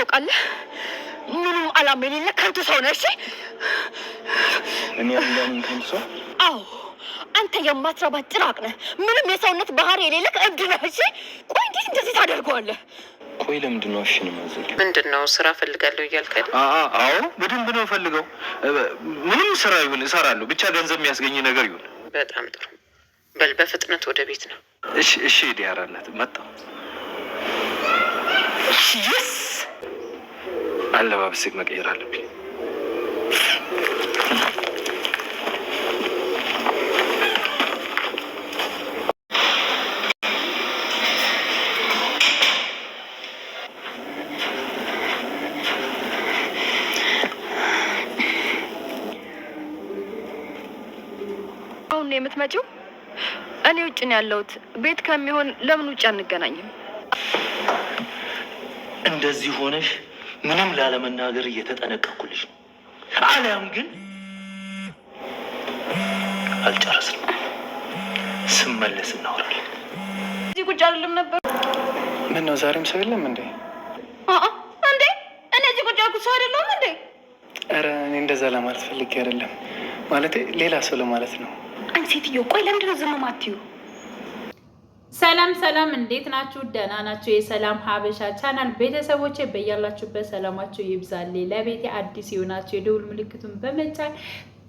ታውቃለህ? ምንም አላማ የሌለ ከንቱ ሰው ነህ። እሺ እኔ እንደምን ከንቱ ሰው? አዎ አንተ ጭራቅ ነህ። ምንም የሰውነት ባህሪ የሌለ እብድ ነህ። እሺ ቆይ እንዴት እንደዚህ ታደርገዋለህ? ቆይ ለምንድን ነው ምንድን ነው ስራ ፈልጋለሁ እያልክ አይደል? አዎ በደንብ ነው ፈልገው። ምንም ስራ ይሁን እሰራለሁ፣ ብቻ ገንዘብ የሚያስገኝ ነገር ይሁን። በጣም ጥሩ በል፣ በፍጥነት ወደ ቤት ነው። እሺ እሺ ዲያራነት መጣ አለባበስህ መቀየር አለብኝ። አሁን የምትመጪው? እኔ ውጭ ነው ያለሁት። ቤት ከሚሆን ለምን ውጭ አንገናኝም? እንደዚህ ሆነሽ ምንም ላለመናገር እየተጠነቀኩልሽ ነው። አሊያም ግን አልጨረስንም፣ ስመለስ እናወራለን። እዚህ ቁጭ አልልም ነበር። ምን ነው ዛሬም ሰው የለም እንዴ? እንዴ እኔ እዚህ ቁጭ ያልኩት ሰው አይደለም እንዴ? ኧረ እኔ እንደዛ ለማለት ፈልጌ አይደለም። ማለቴ ሌላ ሰው ለማለት ነው። አንድ ሴትዮ ቆይ፣ ለምንድነው ዝም ማትዩ? ሰላም ሰላም፣ እንዴት ናችሁ? ደህና ናችሁ? የሰላም ሀበሻ ቻናል ቤተሰቦች በያላችሁበት ሰላማችሁ ይብዛል። ለቤቴ አዲስ የሆናችሁ የደውል ምልክቱን በመጫን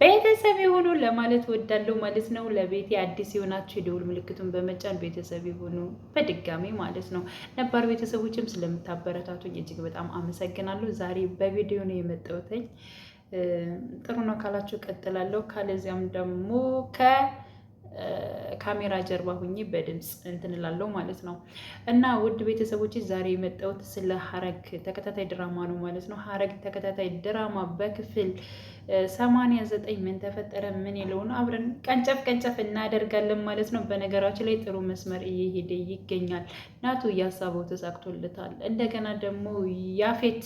ቤተሰብ የሆኑ ለማለት ወዳለው ማለት ነው። ለቤቴ አዲስ የሆናችሁ የደውል ምልክቱን በመጫን ቤተሰብ የሆኑ በድጋሚ ማለት ነው። ነባር ቤተሰቦችም ስለምታበረታቱኝ እጅግ በጣም አመሰግናለሁ። ዛሬ በቪዲዮ ነው የመጣሁት። ጥሩ ነው ካላችሁ ቀጥላለሁ፣ ካለዚያም ደግሞ ከ ካሜራ ጀርባ ሁኜ በድምፅ እንትንላለው ማለት ነው። እና ውድ ቤተሰቦች ዛሬ የመጣሁት ስለ ሀረግ ተከታታይ ድራማ ነው ማለት ነው። ሀረግ ተከታታይ ድራማ በክፍል ሰማንያ ዘጠኝ ምን ተፈጠረ ምን የለውን አብረን ቀንጨፍ ቀንጨፍ እናደርጋለን ማለት ነው። በነገራችን ላይ ጥሩ መስመር እየሄደ ይገኛል። ናቱ እያሳበው ተሳክቶለታል። እንደገና ደግሞ ያፌት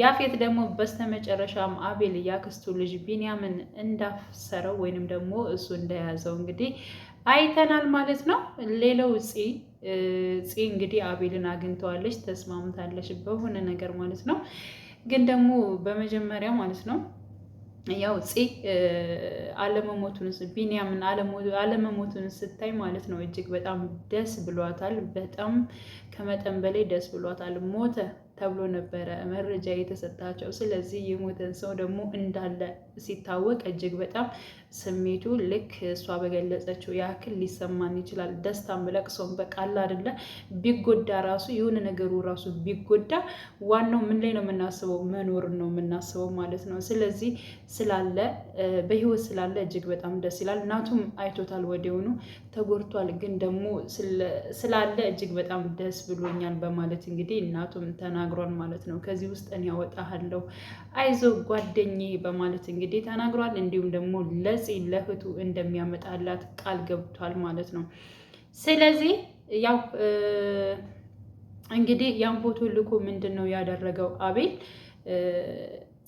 ያፌት ደግሞ በስተመጨረሻም አቤል ያክስቱ ልጅ ቢንያምን እንዳሰረው ወይንም ደግሞ እሱ እንደያዘው እንግዲህ አይተናል ማለት ነው። ሌላው ፅ ፅ እንግዲህ አቤልን አግኝተዋለች፣ ተስማምታለች በሆነ ነገር ማለት ነው። ግን ደግሞ በመጀመሪያ ማለት ነው ያው ፅ አለመሞቱን ቢኒያምን አለመሞቱን ስታይ ማለት ነው እጅግ በጣም ደስ ብሏታል። በጣም ከመጠን በላይ ደስ ብሏታል። ሞተ ተብሎ ነበረ መረጃ የተሰጣቸው። ስለዚህ የሞተን ሰው ደግሞ እንዳለ ሲታወቅ እጅግ በጣም ስሜቱ ልክ እሷ በገለጸችው ያክል ሊሰማን ይችላል። ደስታም ለቅሶም በቃል አደለ ቢጎዳ ራሱ የሆነ ነገሩ ራሱ ቢጎዳ ዋናው ምን ላይ ነው የምናስበው? መኖርን ነው የምናስበው ማለት ነው። ስለዚህ ስላለ በህይወት ስላለ እጅግ በጣም ደስ ይላል። እናቱም አይቶታል፣ ወዲያውኑ ተጎድቷል፣ ግን ደግሞ ስላለ እጅግ በጣም ደስ ብሎኛል በማለት እንግዲህ እናቱም ተናግሯል ማለት ነው። ከዚህ ውስጥ እኔ ያወጣሃለሁ አይዞ ጓደኝ በማለት እንግዲህ እንግዲህ ተናግሯል። እንዲሁም ደግሞ ለጽ ለህቱ እንደሚያመጣላት ቃል ገብቷል ማለት ነው። ስለዚህ ያው እንግዲህ ያን ፎቶ ልኮ ምንድን ነው ያደረገው አቤል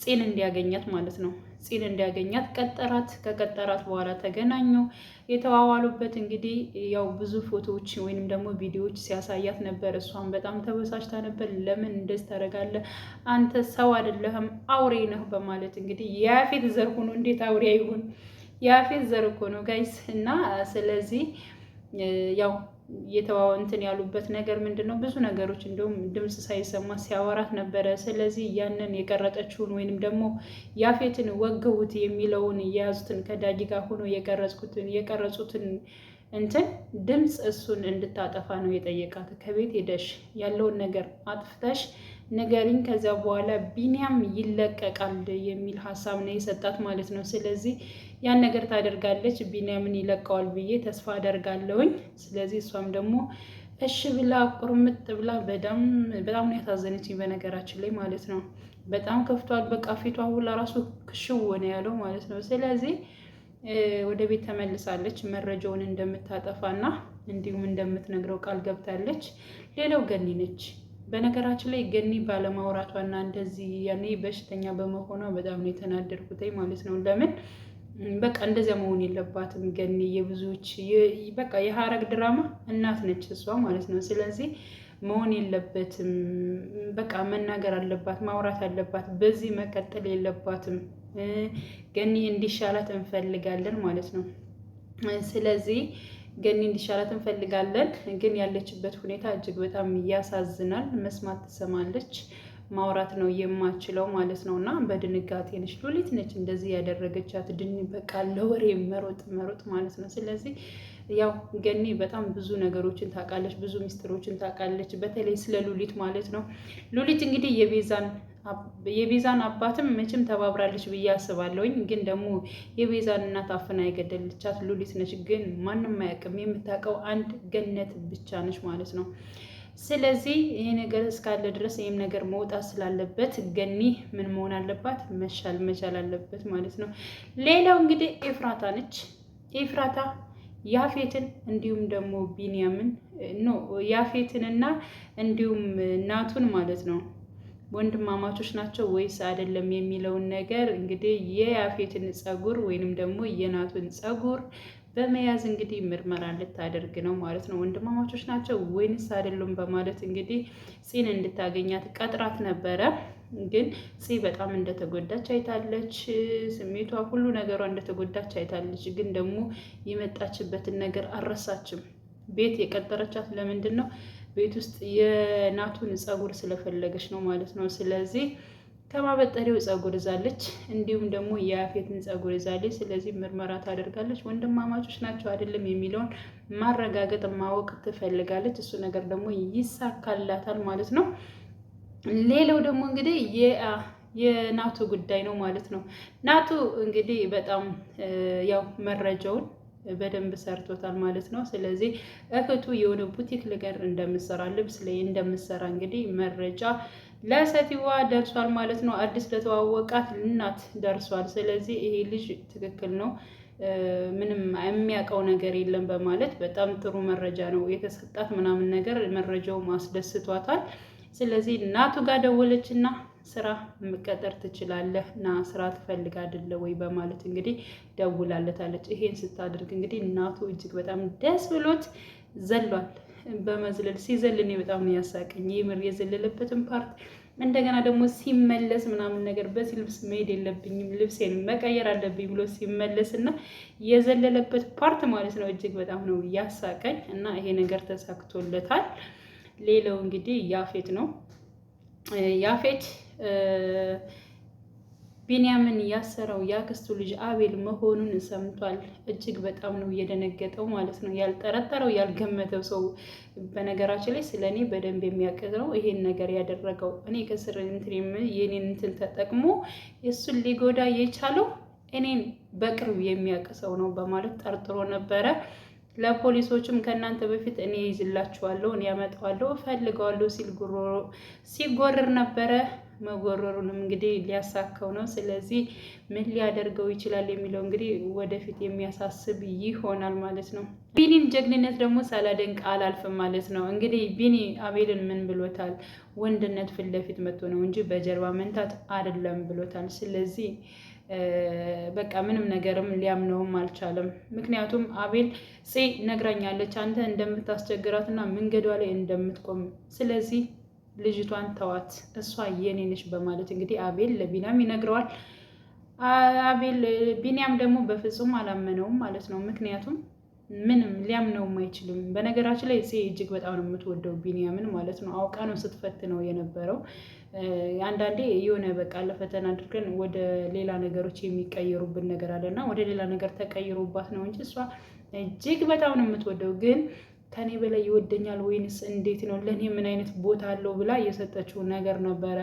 ፄን እንዲያገኛት ማለት ነው። ሲል እንዲያገኛት ቀጠራት። ከቀጠራት በኋላ ተገናኙ። የተዋዋሉበት እንግዲህ ያው ብዙ ፎቶዎች ወይንም ደግሞ ቪዲዮዎች ሲያሳያት ነበር። እሷን በጣም ተበሳጭታ ነበር። ለምን እንደዚህ ታደርጋለህ? አንተ ሰው አይደለህም አውሬ ነህ በማለት እንግዲህ የያፌት ዘር ሆኖ እንዴት አውሬ ይሁን? የያፌት ዘር እኮ ነው ጋይስ። እና ስለዚህ ያው እንትን ያሉበት ነገር ምንድን ነው? ብዙ ነገሮች እንደውም ድምፅ ሳይሰማ ሲያወራት ነበረ። ስለዚህ ያንን የቀረጠችውን ወይንም ደግሞ ያፌትን ወግቡት የሚለውን የያዙትን ከዳጊ ጋር ሆኖ የቀረጽኩትን የቀረጹትን እንትን ድምፅ እሱን እንድታጠፋ ነው የጠየቃት። ከቤት ሄደሽ ያለውን ነገር አጥፍተሽ ንገሪኝ፣ ከዚያ በኋላ ቢኒያም ይለቀቃል የሚል ሀሳብ ነው የሰጣት ማለት ነው። ስለዚህ ያን ነገር ታደርጋለች። ቢንያምን ይለቀዋል ብዬ ተስፋ አደርጋለሁኝ። ስለዚህ እሷም ደግሞ እሺ ብላ ቁርምጥ ብላ በጣም ነው ያሳዘነችኝ። በነገራችን ላይ ማለት ነው በጣም ከፍቷል። በቃ ፊቷ ሁላ ራሱ ክሽው ሆነ ያለው ማለት ነው። ስለዚህ ወደ ቤት ተመልሳለች። መረጃውን እንደምታጠፋና እንዲሁም እንደምትነግረው ቃል ገብታለች። ሌላው ገኒ ነች። በነገራችን ላይ ገኒ ባለማውራቷና እንደዚህ ያኔ በሽተኛ በመሆኗ በጣም ነው የተናደድኩት ማለት ነው ለምን በቃ እንደዚያ መሆን የለባትም። ገኒ የብዙዎች በቃ የሀረግ ድራማ እናት ነች እሷ ማለት ነው። ስለዚህ መሆን የለበትም። በቃ መናገር አለባት፣ ማውራት አለባት። በዚህ መቀጠል የለባትም። ገኒ እንዲሻላት እንፈልጋለን ማለት ነው። ስለዚህ ገኒ እንዲሻላት እንፈልጋለን። ግን ያለችበት ሁኔታ እጅግ በጣም ያሳዝናል። መስማት ትሰማለች ማውራት ነው የማችለው ማለት ነው። እና በድንጋጤ ነች ሉሊት ነች እንደዚህ ያደረገቻት ድን በቃ ለወሬ መሮጥ መሮጥ ማለት ነው። ስለዚህ ያው ገኔ በጣም ብዙ ነገሮችን ታውቃለች፣ ብዙ ሚስጥሮችን ታውቃለች፣ በተለይ ስለ ሉሊት ማለት ነው። ሉሊት እንግዲህ የቤዛን የቤዛን አባትም መቼም ተባብራለች ብዬ አስባለሁኝ። ግን ደግሞ የቤዛን እናት አፍና የገደለቻት ሉሊት ነች። ግን ማንም አያውቅም። የምታውቀው አንድ ገነት ብቻ ነች ማለት ነው። ስለዚህ ይሄ ነገር እስካለ ድረስ ይህም ነገር መውጣት ስላለበት ገኒ ምን መሆን አለባት? መሻል መቻል አለበት ማለት ነው። ሌላው እንግዲህ ኤፍራታ ነች። ኤፍራታ ያፌትን እንዲሁም ደግሞ ቢንያምን ኖ ያፌትንና እንዲሁም እናቱን ማለት ነው ወንድማማቾች ናቸው ወይስ አይደለም የሚለውን ነገር እንግዲህ የያፌትን ጸጉር ወይንም ደግሞ የናቱን ጸጉር በመያዝ እንግዲህ ምርመራ ልታደርግ ነው ማለት ነው። ወንድማማቾች ናቸው ወይንስ አይደሉም በማለት እንግዲህ ፂን እንድታገኛት ቀጥራት ነበረ። ግን ፂ በጣም እንደተጎዳች አይታለች። ስሜቷ ሁሉ ነገሯ እንደተጎዳች አይታለች። ግን ደግሞ የመጣችበትን ነገር አልረሳችም። ቤት የቀጠረቻት ለምንድን ነው? ቤት ውስጥ የናቱን ጸጉር ስለፈለገች ነው ማለት ነው። ስለዚህ ከማበጠሪው ጸጉር ይዛለች፣ እንዲሁም ደግሞ የአፌትን ጸጉር ይዛለች። ስለዚህ ምርመራ ታደርጋለች። ወንድማማቾች ናቸው አይደለም የሚለውን ማረጋገጥ ማወቅ ትፈልጋለች። እሱ ነገር ደግሞ ይሳካላታል ማለት ነው። ሌላው ደግሞ እንግዲህ የናቱ ጉዳይ ነው ማለት ነው። ናቱ እንግዲህ በጣም ያው መረጃውን በደንብ ሰርቶታል ማለት ነው። ስለዚህ እህቱ የሆነ ቡቲክ ነገር እንደምሰራ ልብስ ላይ እንደምሰራ እንግዲህ መረጃ ለሴትዋ ደርሷል ማለት ነው። አዲስ ለተዋወቃት እናት ደርሷል። ስለዚህ ይሄ ልጅ ትክክል ነው፣ ምንም የሚያውቀው ነገር የለም በማለት በጣም ጥሩ መረጃ ነው የተሰጣት። ምናምን ነገር መረጃው ማስደስቷታል። ስለዚህ እናቱ ጋር ደወለች እና ስራ መቀጠር ትችላለህ እና ስራ ትፈልግ አይደለ ወይ በማለት እንግዲህ ደውላለታለች። ይሄን ስታደርግ እንግዲህ እናቱ እጅግ በጣም ደስ ብሎት ዘሏል። በመዝለል ሲዘል እኔ በጣም ነው ያሳቀኝ። የምር የዘለለበትን ፓርት እንደገና ደግሞ ሲመለስ ምናምን ነገር በዚህ ልብስ መሄድ የለብኝም ልብሴን መቀየር አለብኝ ብሎ ሲመለስ እና የዘለለበት ፓርት ማለት ነው እጅግ በጣም ነው ያሳቀኝ እና ይሄ ነገር ተሳክቶለታል። ሌላው እንግዲህ ያፌት ነው ያፌት ቢንያምን ያሰረው የአክስቱ ልጅ አቤል መሆኑን ሰምቷል። እጅግ በጣም ነው እየደነገጠው ማለት ነው። ያልጠረጠረው ያልገመተው ሰው በነገራችን ላይ ስለ እኔ በደንብ የሚያውቅ ነው ይሄን ነገር ያደረገው። እኔ ከስር የኔን እንትን ተጠቅሞ የእሱን ሊጎዳ የቻለው እኔን በቅርብ የሚያውቅ ሰው ነው በማለት ጠርጥሮ ነበረ። ለፖሊሶችም ከእናንተ በፊት እኔ ይዝላችኋለሁ፣ እኔ ያመጣዋለሁ፣ እፈልገዋለሁ ሲል ሲጎርር ነበረ። መጎረሩን እንግዲህ ሊያሳካው ነው። ስለዚህ ምን ሊያደርገው ይችላል የሚለው እንግዲህ ወደፊት የሚያሳስብ ይሆናል ማለት ነው። ቢኒን ጀግንነት ደግሞ ሳላደንቅ አላልፍም ማለት ነው። እንግዲህ ቢኒ አቤልን ምን ብሎታል? ወንድነት ፊት ለፊት መጥቶ ነው እንጂ በጀርባ መንታት አይደለም ብሎታል። ስለዚህ በቃ ምንም ነገርም ሊያምነውም አልቻለም። ምክንያቱም አቤል ጽ ነግራኛለች አንተ እንደምታስቸግራት መንገዷ ላይ እንደምትቆም ስለዚህ ልጅቷን ተዋት፣ እሷ የኔ ነች በማለት እንግዲህ አቤል ለቢንያም ይነግረዋል። አቤል ቢንያም ደግሞ በፍጹም አላመነውም ማለት ነው። ምክንያቱም ምንም ሊያምነውም አይችልም። በነገራችን ላይ ፅ እጅግ በጣም ነው የምትወደው ቢንያምን ማለት ነው። አውቃ ነው ስትፈትነው የነበረው። አንዳንዴ የሆነ በቃ ለፈተና አድርገን ወደ ሌላ ነገሮች የሚቀየሩብን ነገር አለና ወደ ሌላ ነገር ተቀይሮባት ነው እንጂ እሷ እጅግ በጣም ነው የምትወደው ግን ከኔ በላይ ይወደኛል ወይንስ እንዴት ነው ለእኔ ምን አይነት ቦታ አለው ብላ የሰጠችው ነገር ነበረ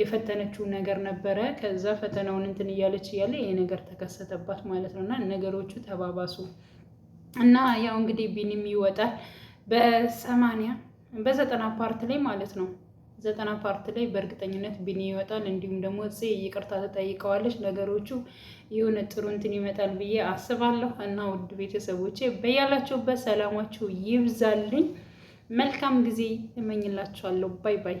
የፈተነችው ነገር ነበረ። ከዛ ፈተናውን እንትን እያለች እያለ ይሄ ነገር ተከሰተባት ማለት ነው እና ነገሮቹ ተባባሱ እና ያው እንግዲህ ቢኒም ይወጣል በሰማንያ በዘጠና ፓርት ላይ ማለት ነው ዘጠና ፓርት ላይ በእርግጠኝነት ቢኒ ይወጣል። እንዲሁም ደግሞ ጽ ይቅርታ ተጠይቀዋለች። ነገሮቹ የሆነ ጥሩ እንትን ይመጣል ብዬ አስባለሁ። እና ውድ ቤተሰቦቼ በያላችሁበት ሰላማችሁ ይብዛልኝ። መልካም ጊዜ እመኝላችኋለሁ። ባይ ባይ